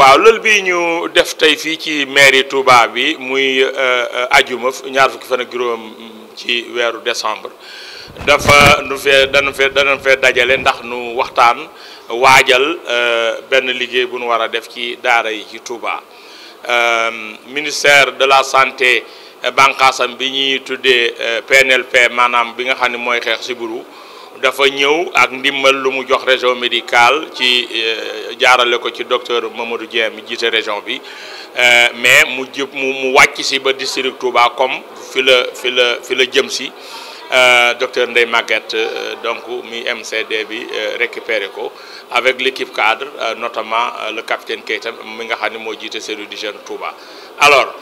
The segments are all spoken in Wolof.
waaw lël bi ñu def tey fii ci mairie Touba bi muy euh, euh, ajuma ñaar fukki fan juróom ci weeru decembre dafa nu fee danu fee danu dajale ndax nu waxtaan waajal euh, benn liggéey bu nu war a def ci daara yi ci Touba ministère de la santé bànqaasam bi ñuy tuddee PNLP maanaam bi nga xam ne mooy xeex sibbiru dafa ñëw ak ndimbal lu mu jox région médicale ci euh, jaarale ko ci docteur Mamadou Dieng mi jiite région bi euh, mais mu jëp mu wàcc si ba district Touba comme fi la fi la fi la jëm si Euh, docteur Ndeye Maguette euh, donc mi MCD bi euh, récupéré ko avec l'équipe cadre notamment le capitaine Keita mi nga xam ne moo jiite cellule du jeune Touba alors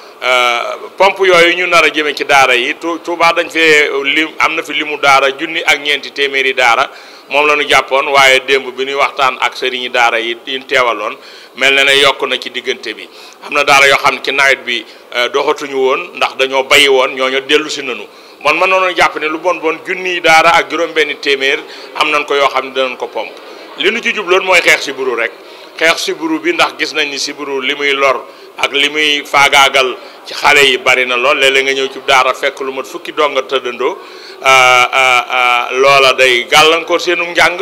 pompe yooyu ñu nar a jëmee ci daara yi Touba dañ fee lim am na fi limu daara junni ak ñeenti téeméeri daara moom la ñu jàppoon waaye démb bi ñuy waxtaan ak sëriñi daara yi ñu teewaloon mel na ne yokk na ci diggante bi am na daara yoo xam ne ci nawet bi doxatuñu woon ndax dañoo bayi woon ñooñu dellu si nañu man ma noonu jàpp ne lu bon bon junniy daara ak juróom-benni téeméer am nañ ko yoo xam ne danañ ko pomp li nu ci jubloon mooy xeex sibbiru rek xeex sibbiru bi ndax gis nañ ni sibbiru li muy lor ak li muy faagaagal ci xale yi bari na lool léeg-léeg nga ñëw ci daara fekk lu mat fukki donga tëddandoo ah, ah, ah, loola day gàllankoor seenu njàng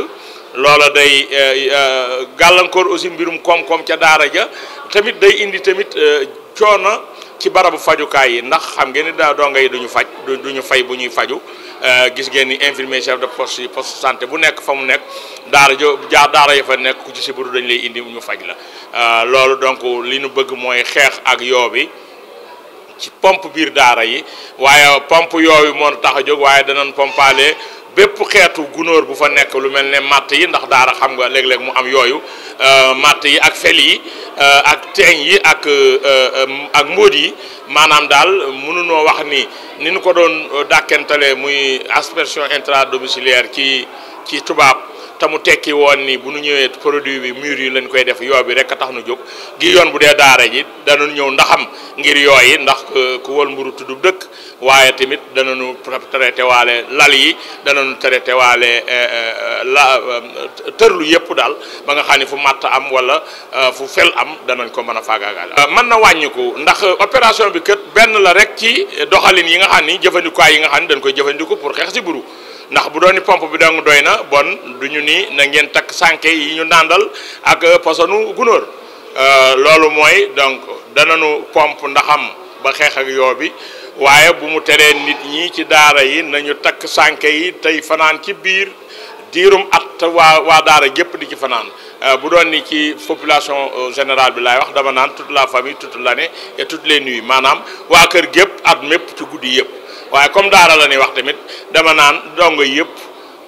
loola day eh, eh, gàllankoor aussi mbirum koom-koom ca daara ja tamit day indi tamit eh, coono. ci barabu fajukaay yi ndax xam ngeen ni daa donga yi duñu faj duñu fay bu ñuy faju euh, gis ngeen ni infirmier chef de poste yi poste santé bu nekk fa mu nekk daara jo jaar daara ya fa nekk ku ci sibiru dañu lay indi ñu faj la euh, loolu donc li nu bëgg mooy xeex ak yoo bi ci pompe biir daara yi waaye pompe yooyu moo tax a jóg waaye danañ pompaale bépp xeetu gunóor bu fa nekk lu mel ne matt yi ndax daara xam nga léeg-léeg mu am yooyu euh, matt yi ak fel yi euh, ak teeñ yi ak euh, ak mbóot yi maanaam daal mënunoo wax ni ni ñu ko doon dàkkentale muy aspersion intra domiciliaire ci ci tubaab te mu tekki woon ni bu nu ñëwee produit bi mur yi lañ koy def yoo bi a tax nu jóg gi yoon bu dee daara ji danañ ñëw ndaxam ngir yooyi ndax euh, ku wol mburu tudd dëkk waaye tamit danañu traité waale lal yi danañu traité waale euh, euh, la tërlu yëpp daal ba nga xam ne fu màtt am wala fu fel am danañ ko mën a faagaagaal mën na wàññiku ndax opération bi kët benn la rek ci doxalin yi nga xam ni jëfandikuwaay yi nga xam ni dañ koy jëfandiku pour xeex si mburu ndax bu doon dooni pompe bi dong doy na bon du ñu nii na ngeen takk sànke yi ñu nàndal ak euh, posonu gunóor euh, loolu mooy donc dananu pompe ndaxam ba xeex ak yoo bi waaye bu mu teree nit ñi ci daara yi nañu takk sànke yi tey fanaan ci biir diirum at waa waa daara gépp di ci fanaan euh, bu doon ni ci population général bi laay wax dama naan toute la famille toute l'année et toutes les nuits maanaam waa kër gépp at mépp ci guddi yëpp waaye comme daara la ni wax tamit dama naan dongo yëpp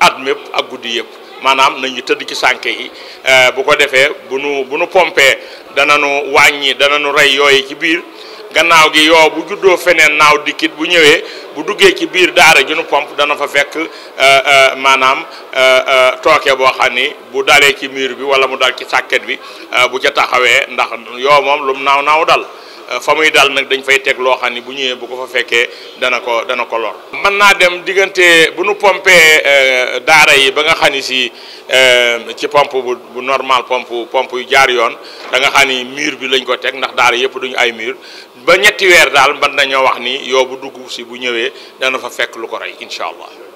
at mépp ak guddi yëpp maanaam nañu tëdd ci sànke yi euh, bu ko defee bu nu bu nu pompee dananu wàññi dananu rey yooyu ci biir gannaaw gi yoo bu juddoo feneen naaw dikkit bu ñëwee bu duggee ci biir daara ju nu pomp dana fa fekk euh, euh, maanaam tooke boo xam ni bu dalee ci mur bi wala mu dal ci sàkket bi bu ca taxawee ndax yoo moom lum naaw naaw dal Euh, fa muy dal nag dañ fay teg loo xam ni bu ñëwee bu ko fa fekkee dana ko dana ko lor mën naa dem diggante bu nu pompee euh, daara yi ba nga xam ni si euh, ci pompe bu bu normal pompe pompe yu jaar yoon danga nga xam bi lañ ko teg ndax daara yëpp duñu ay mur ba ñetti weer daal mën nañoo wax ni yow bu dugg si bu ñëwee dana fa fekk lu ko rey incha allah